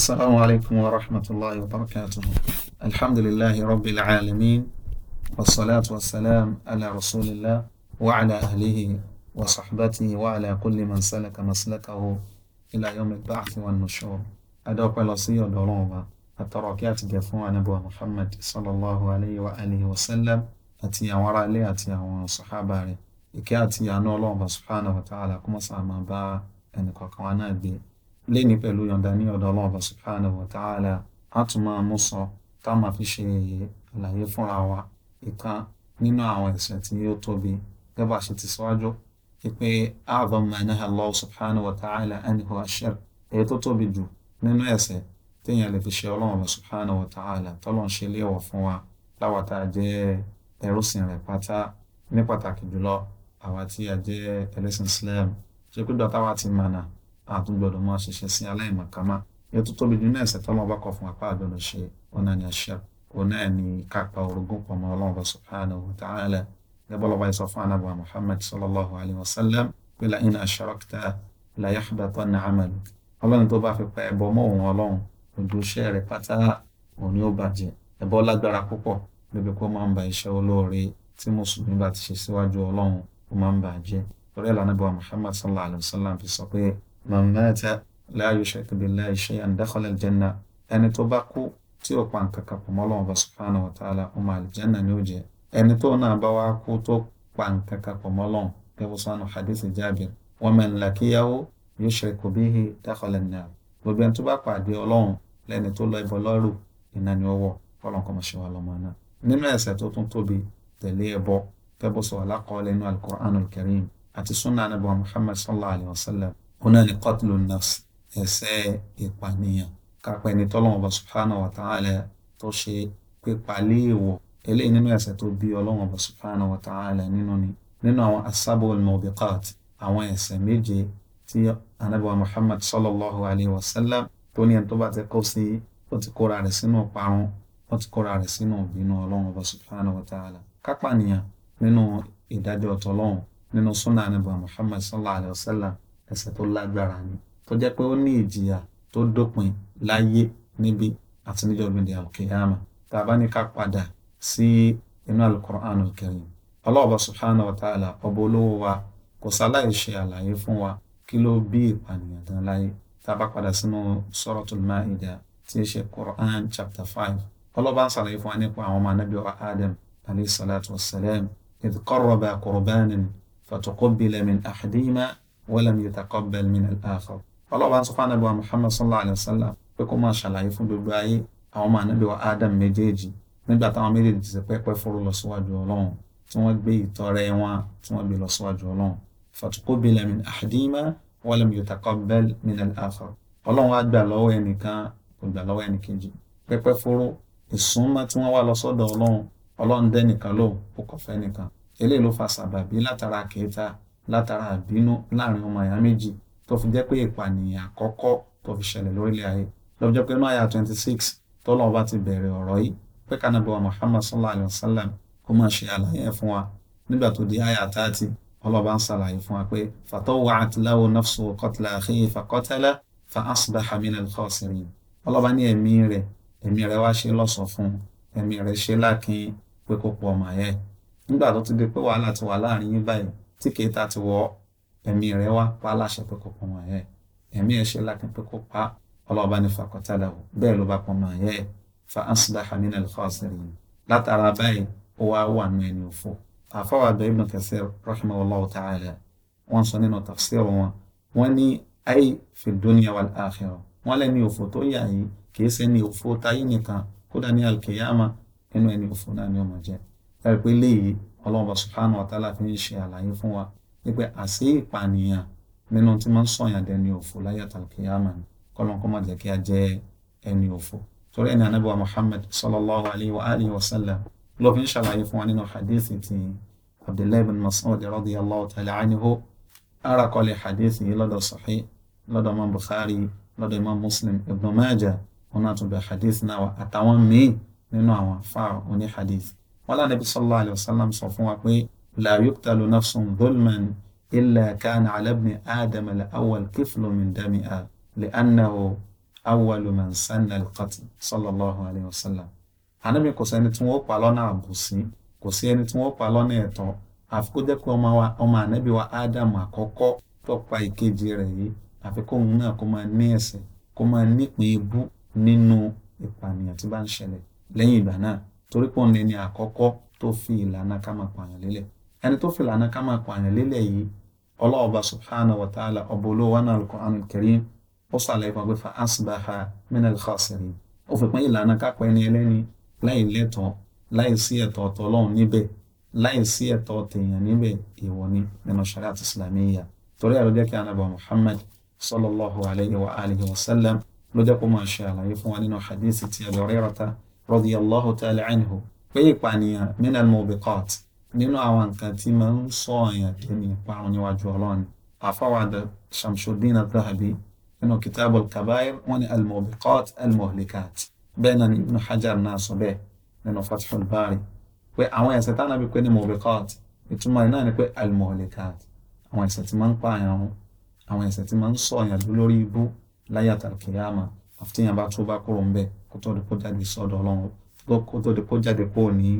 السلام عليكم ورحمة الله وبركاته الحمد لله رب العالمين والصلاة والسلام على رسول الله وعلى أهله وصحبته وعلى كل من سلك مسلكه إلى يوم البعث والنشور أدوك لصي دروما التركات جفوا نبوة محمد صلى الله عليه وآله وسلم أتي وراء لي أتي وصحابه إكاتي أنو الله سبحانه وتعالى كما سأما با أنك léni pẹ̀lú yọ̀ǹda ní ọ̀dọ̀ ọlọ́run ọba subhanahu wa ta'ala a tún máa mú sọ tá a máa fi ṣe àlàyé fúnra wa ìkan nínú àwọn ẹ̀ṣẹ̀ tí ó tóbi gẹ́gẹ́ bá a ṣe ti síwájú pípé a'zam ma naha Allah subhanahu wa ta'ala anhu èyí tó tóbi jù nínú ẹ̀ṣẹ̀ téèyàn lè fi ṣe ọlọ́run ọba subhanahu wa a tún gbọdọ̀ máa ṣẹ̀ṣẹ̀ sí aláìmọ̀ká má yẹn tó tóbi nínú ẹ̀ṣẹ̀ tọ́lọ́ bá kọ fún apá àgbọ̀dọ̀ ṣe ọ̀nà ni àṣà ọ̀nà ni kápá orogún pọ̀ mọ́ ọlọ́run subhanahu wa ta'ala يبلغ بيصفان أبو محمد صلى الله عليه وسلم بلا إن أشركت لا يحبطن عملك ọlọ́run tó bá fi pa ẹbọ mọ́ òun ọlọ́run ojú iṣẹ́ rẹ̀ pátá òun ni bàjẹ́ ẹbọ lágbára púpọ̀ níbi kó máa ń ba iṣẹ́ olóore tí mùsùlùmí bá ti ṣe síwájú ọlọ́run ó máa ń bàjẹ́ torí ẹ̀ lànà bí sallallahu alayhi wa sallam fi sọ pé man mata لا يشرك بالله شيئا دخل الجنة. jannah ẹni tó bá kú tí ò pa nǹkan kan pọ̀ mọ́ Ọlọ́run Ọba subhanahu wa ta'ala ọmọ àlìjánà ni ó jẹ́ ẹni tó náà bá wá kú tó pa nǹkan kan pọ̀ mọ́ Ọlọ́run gẹ́gẹ́ sọ́nù hadith Jabir wa man laqiyahu yushriku bihi dakhala an-nar gbogbo ẹni tó bá pàdé Ọlọ́run lẹ́ni tó lọ ibọ lọ́rù iná ni ó wọ̀ Ọlọ́run kó má ṣe nínú ẹ̀ṣẹ̀ tó tún tóbi tẹ̀lé ẹbọ gẹ́gẹ́ sọ alákọọ́lẹ̀ nínú al-Qur'an al-Karim àti Muhammad sallallahu alayhi wa sallam òun náà ni qatlu nafs ẹ̀ṣẹ̀ ìpànìyàn kápá ẹni tọ́lọ́run ọba subhanahu wa ta'ala tó ṣe pípa léèwọ̀ eléyìí nínú ẹ̀ṣẹ̀ tó bí ọlọ́run ọba subhanahu wa ta'ala nínú ni nínú àwọn asábò al-mubiqat àwọn ẹ̀ṣẹ̀ méje tí anábìwá muhammad sallallahu alayhi wa sallam tó ní ẹni tó bá ti kó sí ó ti kóra rẹ̀ sínú parun ó ti kóra rẹ̀ sínú ìbínú ọlọ́run ọba subhanahu wa ta'ala kápánìyàn nínú ìdájọ́ ọ̀tọ̀ ọlọ́run nínú sunnah anábìwá muhammad sallallahu alayhi wa sallam ẹ̀ṣẹ̀ tó lágbára ni tó jẹ́ pé ó ní ìjìyà tó dópin láyé níbi àti níjọ́ gbèdé àlùkìyàmà tá a bá ní ká padà sí inú alukur'an alkarim ọlọ́ọ̀bọ subhanahu wa ta'ala ọba olówó wa kò sáláì ṣe àlàyé fún wa kí ló bí ìpànìyàn dán láyé tá a bá padà sínú suratul maida tí í ṣe quran chapter five ọlọ́ba ń sàlàyé fún wa nípa àwọn ọmọ anábì adam alayhi salatu wa salam idh qarraba qurbanan fatuqubila min ahadihima walam yutaqabbal min al-akhar ọlọ́ọ̀bá ń sọ fún anábìwá muhammad sallallahu alayhi wa sallam pé kó máa ṣàlàyé fún gbogbo ayé àwọn ọmọ anábìwá adam méjèèjì nígbà táwọn méjèèjì ti ṣe pẹ́pẹ́ fúru lọ síwájú ọlọ́run tí wọ́n gbé ìtọrẹ wọn tí wọ́n gbé lọ síwájú ọlọ́run fatuqubila min ahadima walam yutaqabbal min al-akhar ọlọ́run á gbà lọ́wọ́ ẹnìkan kò gbà lọ́wọ́ ẹnìkejì pẹ́pẹ́ fúru ìsúnmọ́ tí wọ́n wá lọ sọ́dọ̀ ọlọ́run ọlọ́run dẹ́nìkan lóhùn kò kọ̀fẹ́ nìkan eléyìí ló fa sàbàbí látara kẹta látara ìbínú láàrin ọmọ ìyá méjì tó fi jẹ́ pé ìpànìyàn àkọ́kọ́ tó fi ṣẹlẹ̀ lórílẹ̀ ayé lọ́bi jẹ́ pé inú àyà twenty six tọ́lọ́run bá ti bẹ̀rẹ̀ ọ̀rọ̀ yìí pé kánàbọ̀ Muhammad sallallahu alayhi wa sallam kó máa ṣe àlàyé fún wa nígbà tó di àyà thirty ọlọ́ba ń ṣàlàyé fún wa pé fatawwa'at lahu nafsu qatla akhihi faqatala fa asbaha minal khasirin ọlọ́ba ní ẹ̀mí rẹ̀ ẹ̀mí rẹ̀ wá ṣe lọ́sọ̀ fún ẹ̀mí rẹ̀ ṣe lákin pé kó pọ̀ ọmọ yẹn nígbà tó ti di pé wàhálà ti wà láàrin yín báyìí tí kèéta ti wọ ẹ̀mí rẹ̀ wá pa láṣẹ pé kò pọ̀ mọ̀ ẹ̀ ẹ̀mí ẹ̀ ṣe lákin pé kò pa ọlọ́ọ̀bá ní fàkọ́tàdà wò bẹ́ẹ̀ ló bá pọ̀ mọ̀ ẹ̀ fa ansilaha min al-khasirin látara báyìí ó wá wà nù ẹni òfò àfọwọ́ àgbẹ̀ ibn Kathir rahimahullahu ta'ala wọ́n sọ nínú tafsir wọn wọ́n ní ayé fi dunya wal akhirah wọ́n òfò tó yà yìí kì í ṣe òfò táyé nìkan kódà ní al nínú ẹni òfò náà ni ó máa ẹ rí pé léyìí ọlọ́run subhanahu wa ta'ala fi ń ṣe àlàyé fún wa wípé àṣé ìpànìyàn nínú tí máa ń sọ̀yàn dẹni òfò láyé àtàlùkìyàmà ni kọ́lọ́n kọ́ máa jẹ́ kí a jẹ́ ẹni òfò torí ẹni anábọ̀ Muhammad sallallahu alayhi wa alihi wa sallam ló fi ń ṣàlàyé fún wa nínú hadithi ti Abdullahi bin Mas'ud radiyallahu ta'ala anhu ara kọ́lé hadithi yìí lọ́dọ̀ Sahih lọ́dọ̀ Imam Bukhari lọ́dọ̀ Imam Muslim Ibn Majah wọn náà tún bẹ hadith náà àtàwọn míì nínú àwọn fáà oní hadith wọn lànàbí sallallahu alayhi wa sallam sọ fún wa pé la yuqtalu nafsun dhulman illa kana ala ibni adama la awwal kiflu min damiha li annahu awwalu man sanna al-qatl sallallahu alayhi wa sallam. ànábì kò sẹ́ni tí wọ́n pa lọ́nà àbòsí kò sí ẹni tí wọ́n pa lọ́nà ẹ̀tọ́ àfi kó jẹ́ pé ọmọ ànábì wa ádámù àkọ́kọ́ tó pa ìkejì rẹ̀ yìí àfi kóun náà kó máa ní ẹ̀ṣẹ̀ kó máa torí pọ̀ ní ni àkọ́kọ́ tó fi ìlànà ká máa pààyàn lélẹ̀ ẹni tó fi ìlànà ká máa pààyàn lélẹ̀ yìí ọlọ́ọ̀bá subhanahu wa ta'ala ọba olówó náà al-Qur'an al-Karim ó sàlẹ̀ fún pé fa asbaha min al-khasirin ó fi pín ìlànà kápẹ́ ẹni ẹlẹ́ni láì lẹ́tọ̀ọ́ láì sí ẹ̀tọ́ ọ̀tọ̀ ọlọ́run níbẹ̀ láì sí ẹ̀tọ́ tèèyàn níbẹ̀ èèwọ̀ ni nínú shariat islamiyya torí ẹ̀rọ jẹ́ kí anábọ̀ Muhammad sallallahu alayhi wa alihi wa sallam ló jẹ́ kó máa ṣe àlàyé fún wa nínú hadith ti Abu Hurairah رضي الله تعالى عنه ويقانيا من الموبقات من أوان كاتما صايا كني قاوني وجولون أفواد شمس الدين الذهبي إنه كتاب الكبائر وني الموبقات المهلكات بين ابن حجر ناس به لأنه فتح الباري وأوان ستانا بكون موبقات ثم إنا نقول المهلكات أوان ستمان قاوني أوان ستمان صايا بلوريبو لا يترك القيامه àfi téèyàn bá túbá kúrò ńbẹ̀ kó tó di kó jáde sọ́dọ̀ Ọlọ́run kó tó di kó jáde kúrò ní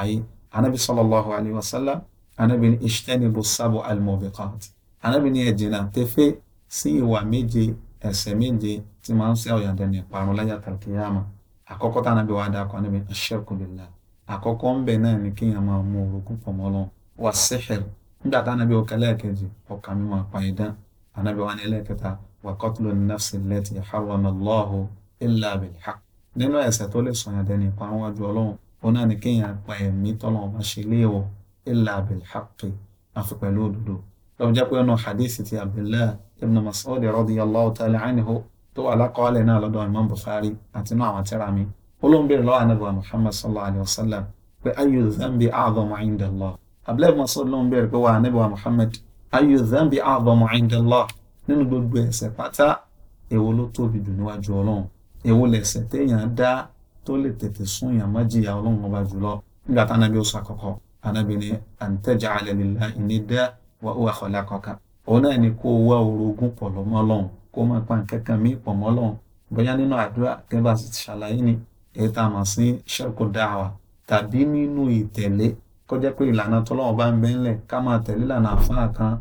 ayé anabi sallallahu alayhi wa sallam anabi ní ijtanibu sábọ al-mubiqat anabi ní ẹ jìnnà tẹfẹ sí ìwà méje ẹ̀ṣẹ̀ méje tí máa ń ṣe ọyàn dẹni ìparun láyà tàkìyàmà àkọ́kọ́ tá anabi wà á dákọ anabi ash-shirku ńbẹ náà ni kéèyàn máa mú orogún pọ̀ mọ́ Ọlọ́run wà sihr nígbà tá anabi ọkẹ lẹ́ẹ̀kejì ọkà mímọ́ anabi wà ní ẹlẹ́ẹ̀kẹta wa qatlu nafsi allati harrama Allahu illa bil haqq nínú ẹ̀ṣẹ̀ tó lè sọ̀yàn dẹni ipa wájú ọlọ́run òun náà ni kéèyàn pa ẹ̀mí tọ́lọ́run bá ṣe léèwọ̀ illa bil haqq àfi pẹ̀lú òdodo lọ́wọ́ jẹ́ pé ọ̀nà hadithi ti abdullah ibn masoud radiyallahu ta'ala anhu tó wà lákọọ́lẹ̀ náà lọ́dọ̀ imam bukhari àti inú àwọn tírà mi olóńgbèrè lọ́wọ́ anabi wa muhammad sallallahu alayhi wa sallam pé ayu dhanbi a'zamu 'inda allah abdullah masoud lóńgbèrè pé wà anabi muhammad ayu dhanbi a'zamu 'inda allah nínú gbogbo ẹ̀ṣẹ̀ pátá èwo ló tóbi jù níwájú ọlọ́run èwo lẹ̀ṣẹ̀ téèyàn dá tó lè tètè sún yàn má jìyà ọlọ́run ọba jùlọ nígbà tá anábì ó sọ àkọ́kọ́ anábì ni an taj'ala lillahi niddan wa huwa khalaqaka òun náà ni kó wá orogún pọ̀ lọ́mọ́ ọlọ́run kó má pa nǹkan kan mí pọ̀ mọ́ ọlọ́run bóyá nínú àdúrà kẹ́bà sì ti ṣàlàyé ni èyí tá a mọ̀ sí ṣẹ́kù dáhà tàbí nínú ìtẹ̀lé kó pé ìlànà tọ́lọ́run bá ń bẹ́ńlẹ̀ ká máa tẹ̀lé ìlànà àfáà kan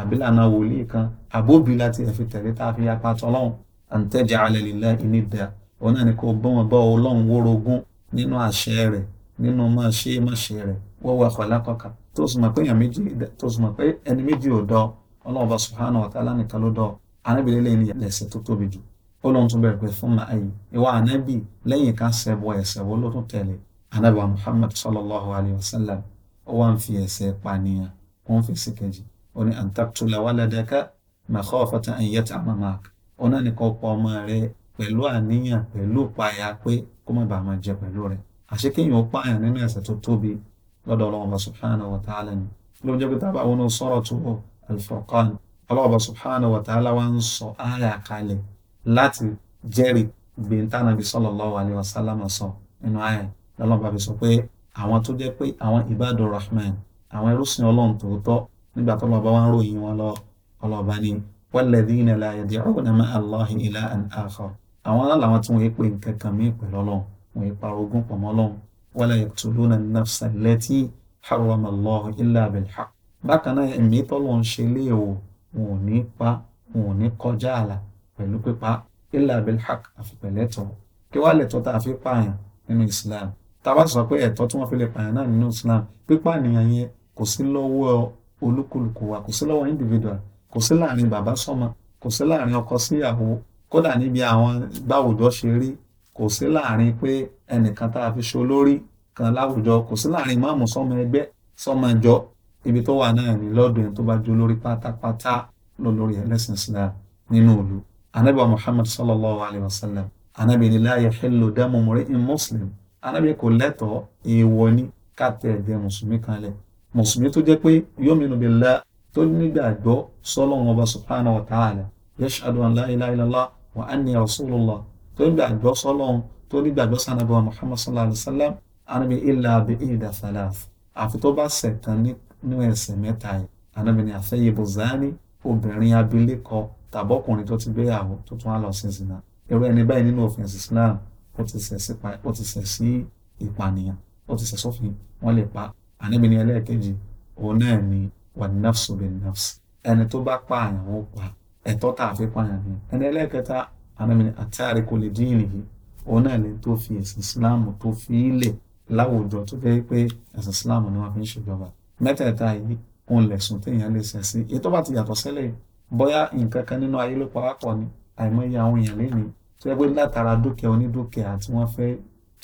àbí lànà wòlíì kan àbóbi láti ẹ̀fi tẹ̀lé tá a fi yapa tọ́lọ́hún àǹtẹ̀jẹ̀ alẹ́ lílẹ̀ ìní dẹ̀ òun náà ni kò gbọ́n bọ́ ọlọ́run wórogún nínú àṣẹ rẹ̀ nínú máa ṣe máa ṣe rẹ̀ wọ́wọ́ ẹ̀kọ́ lákọ̀ọ́kà tó sì mọ̀ pé èèyàn méjì tó sì mọ̀ pé ẹni méjì ò dọ́ ọlọ́run bá subhanahu wa ta'ala nìkan ló dọ́ anábìlẹ̀ lẹ́yìn lẹ́sẹ̀ tó tóbi jù ó ó ní àǹtàkùtùlà wàládàkà makhafata an yat'ama ma'ak ó náà ní kó pa ọmọ rẹ pẹ̀lú àníyàn pẹ̀lú ìpayà pé kó má bàa máa jẹ pẹ̀lú rẹ àṣé kéèyàn ó pààyàn nínú ẹ̀ṣẹ̀ tó tóbi lọ́dọ̀ ọlọ́wọ́ subhanahu wa ta'ala ni ló ń pé tábà wọnú suratu al-Furqan ọlọ́wọ́ subhanahu wa ta'ala wa ń sọ ààyè àkàlẹ̀ láti jẹ́rìí gbẹ̀ntà nàbí sallallahu alayhi wa sallam sọ nínú ààyè lọ́lọ́ba fi sọ pé àwọn tó jẹ́ pé àwọn ibadur rahman àwọn ẹrúsìn ọlọ́run tòótọ́ nígbà tó lọ́ba wọn ròyìn wọn lọ ọlọ́ba ni walladhina la yad'una ma'a Allahi ilahan akhar àwọn aláwọ̀ tí wọ́n yẹ pé nǹkan kan mí pẹ̀lú ọlọ́run wọ́n yẹ parogún pọ̀ mọ́ ọlọ́run wala yaqtuluna an-nafsa allati harrama Allahu illa bil-haqq bákan náà ẹ̀mí tọ́lọ́ ń ṣe léèwọ̀ e wọn ò ní pa wọn ò ní kọjá àlà pẹ̀lú pípa illa bil-haqq àfi kí wàá lẹ̀tọ́ tá a fi pààyàn nínú Islam tá a bá sọ pé ẹ̀tọ́ tí wọ́n fi lè pààyàn náà nínú Islam pípànìyàn olúkúlùkù wa kò sí lọ́wọ́ individual kò sí láàrin bàbá sọ́mọ kò sí láàrin ọkọ síyàwó kódà níbi àwọn báwùjọ ṣe rí kò sí láàrin pé ẹnìkan tá a fi ṣe olórí kan láwùjọ kò sí láàrin máàmù sọ́mọ ẹgbẹ́ sọ́mọ ìjọ ibi tó wà náà ní lọ́dọ̀ tó bá jẹ́ olórí pátápátá lólórí ẹlẹ́sìn Islam nínú ìlú anabi wa Muhammad sallallahu alayhi wa sallam anabi ni la yahillu damu mri'in muslim anabi kò lẹ́tọ̀ọ́ èèwọ̀ ni ká tẹ ẹ̀jẹ̀ mùsùlùmí kan lẹ̀ mùsùlùmí tó jẹ́ pé yọ́mìnú billah tó nígbàgbọ́ sọ́lọ́run ọba subhanahu wa ta'ala yashhadu an la ilaha illallah wa anni rasulullah tó nígbàgbọ́ sọ́lọ́run tó nígbàgbọ́ sànàbọ̀ muhammad sallallahu alayhi wa sallam anabi illa bi ida thalath àfi tó bá ṣẹ̀tàn nínú ẹ̀ṣẹ̀ mẹ́ta yìí anabi ni àfẹ́yẹ̀bù zani obìnrin abilékọ tàbọ́kùnrin tó ti gbéyàwó tó tún á lọ sí zina irú ẹni báyìí nínú òfin islam ó ti ṣẹ̀ sí ìpànìyàn ó ti ṣẹ̀ sófin wọ́n lè pa ànábì ní ẹlẹ́ẹ̀kejì òun náà ni wà nafsu bin nafsi ẹni tó bá pààyàn ó pa ẹ̀tọ́ tá a fi pààyàn ni ẹni ẹlẹ́ẹ̀kẹta ànábì ní àtàrí kò lè dín ìrìn òun náà ni tó fi ẹ̀sìn síláàmù tó fi í lẹ̀ láwùjọ tó fẹ́ pé ẹ̀sìn síláàmù ni wọ́n fi ń ṣèjọba mẹ́tẹ̀ẹ̀ta yìí òun lẹ̀sùn téèyàn lè sẹ̀ sí ètò bá ti yàtọ̀ sílẹ̀ bóyá nǹkan nínú ayé ló pawápọ̀ ni àìmọye àwọn èèyàn lénìí tó yẹ pé látara dúkìá onídúkìá tí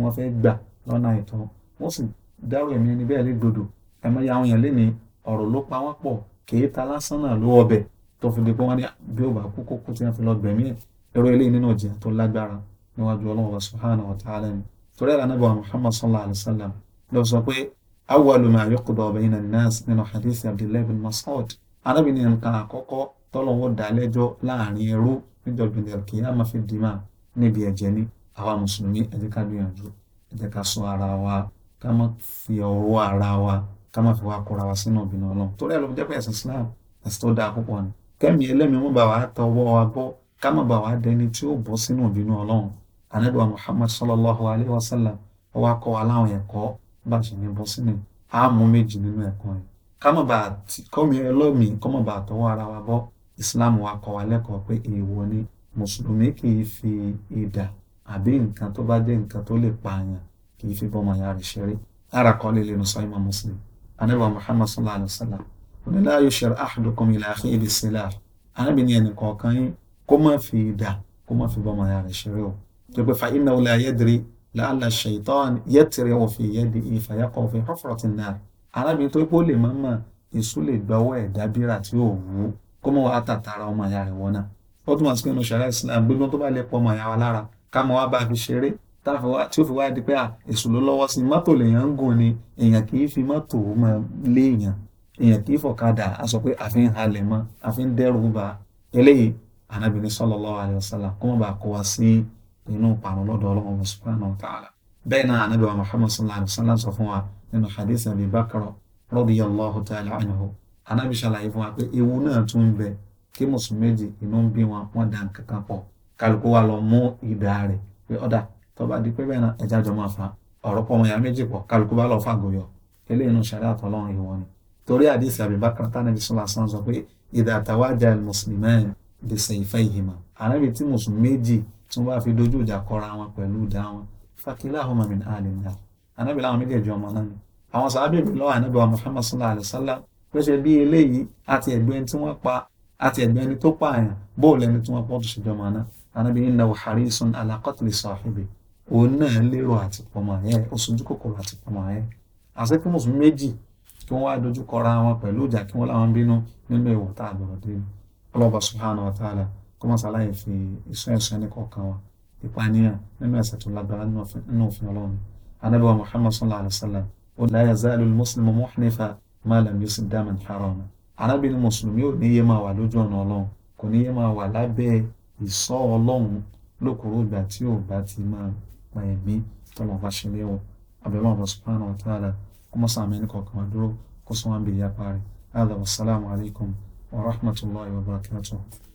wọ́n fẹ́ gbà lọ́nà ìtọ́ wọ́n sì dárò ẹ̀mí ẹni bẹ́ẹ̀ lè gbòdò ẹ mọ ya àwọn èèyàn lénìí ọ̀rọ̀ ló pa wọ́n pọ̀ kìí ta lásán náà ló ọbẹ̀ tó fi di pé wọ́n ní bí ó bá kú kókó tí wọ́n fi lọ gbẹ̀mí ẹ̀ ẹ̀rọ eléyìí nínú ọ̀jẹ̀ tó lágbára níwájú ọlọ́run subhanahu wa ta'ala ni torí ẹ̀rọ anábọ̀ muhammad sallallahu alayhi wa sallam ló sọ pé awwalu ma yuqda bayna an-nas nínú hadith abdullahi bin mas'ud anábì ká má fi ọwọ́ ara wa ká má fi wá kóra wa sínú ìbínú ọlọ́run torí ẹ̀ ló jẹ́ pé ẹ̀sìn Islam ẹ̀sìn tó dáa púpọ̀ ni kẹ́mi ẹlẹ́mi mú bá wa tọwọ́ wa bọ́ ká má bá wa dẹni tí ó bọ́ sínú ìbínú ọlọ́run Ànábì Muhammad sallallahu alayhi wa sallam ó wá kọ́ wa láwọn ẹ̀kọ́ bá a ṣe ní bọ́ sínú àmú méjì nínú ẹ̀kọ́ yẹn ká má bá kọ́mi ẹlọ́mi kọ́ má bá tọwọ́ ara wa bọ́ Islam wa kọ́ wa lẹ́kọ̀ọ́ pé èèwọ̀ ni mùsùlùmí kì í fi idà àbí nǹkan tó bá jẹ́ nǹkan tó lè pààyàn kì í fi bọ́mọ ìyá rẹ̀ ṣeré ara kan lè lẹ́nu sọ́yìn mọ́ muslim anábà muhammad sallallahu alayhi wa sallam onílà yóò ṣe ahadukum ila akhihi bis-silah anábì ní ẹnìkọ̀ọ̀kan yín kó má fi dà kó má fi bọ́mọ ìyá rẹ̀ ṣeré o tó pé fa innahu la yadri la'alla ash-shaytan yatri'u fi yadihi fa yaqa'u fi hufratin nar arábìnrin tó pé ó lè máa mọ̀ èṣù lè gbọ́wọ́ ẹ̀dá bírà tí ò wú kó mọ̀ wá tàtàrà ọmọ ìyá rẹ̀ náà ó tún wá sí pé nù sàrà ìsìlẹ̀ àgbélọ́ tí ó fi wá di pé èṣù ló lọ́wọ́ sí mọ́tò lèèyàn ń gùn ni èèyàn kì í fi mọ́tò máa lé èèyàn èèyàn kì í fọ̀kadà a sọ pé àfi ń halẹ̀ mọ́ àfi ń dẹ́rù ba eléyìí anábìrin sallallahu alaihi wasallam kó má bàa kó wa sí inú ìparun lọ́dọ̀ ọlọ́run subhanahu wa bẹ́ẹ̀ náà anábì wa muhammad sallallahu alaihi wasallam sọ fún wa nínú hadith abi bakr radiyallahu ta'ala anhu anábì ṣàlàyé fún wa pé ewu náà tún bẹ kí mùsùlùmí méjì inú ń bí wọn wọn dà kankan pọ̀ kálukú wa lọ mú ìdá rẹ̀ pé ọ̀dà tó bá di pé bẹ́ẹ̀ náà ẹja jọ máa fa ọ̀rọ̀ pọ̀ ọmọọyà méjì pọ̀ kálukú bá lọ fàgò yọ eléyìí náà ṣàdá àtọ̀ ọlọ́run ìwọ ni torí àdìsí àbíbákan tánàbí sọlá sàn sọ pé ìdá àtàwájà mùsùlùmẹ́ẹ̀ lè ṣe ìfẹ́ yìí mà ànábì tí mùsùlùmí méjì tí wọ́n bá fi dojú ìjà kọra wọn pẹ̀lú ìdá wọn fàkílà ọmọ mi náà lè ní àwọn ànábì láwọn méjèèjì ọmọ náà ni àwọn sàábìbì lọ́wọ́ òun náà lérò àti pọmọ yẹn ó sojú kòkòrò àti pọmọ yẹn àṣẹ kí mùsùlùmí méjì kí wọ́n wá dojú kọra wọn pẹ̀lú ìjà kí wọ́n láwọn bínú nínú ìwọ̀ tá a lọ̀rọ̀ dé ọlọ́ba subhanahu wa ta'ala kó mọ̀ sáláyè fi iṣẹ́ ẹ̀ṣẹ́ ní kọ̀ọ̀kan wa ìpànìyàn nínú ẹ̀ṣẹ̀ tó lágbára nínú òfin ọlọ́run anábì muhammad sallallahu alayhi wa sallam ó la yazalu muhnifa ma lam yusib daman harama mùsùlùmí ò ní yé máa wà lójú ọ̀nà ọlọ́run kò ní yé máa wà lábẹ́ ìṣọ́ ọlọ́run lókùrú ìgbà tí ò bá ti máa nípa ẹ̀mí tọ́lọ́run bá ṣe léwọ̀ àbẹ̀wò àwọn subhanahu wa ta'ala kó mọ́ sàmì ní kọ̀ọ̀kan wá dúró kó sún wá ń bè yá parí. Hàdà wassalamu alaikum wa rahmatullahi wa barakatuh.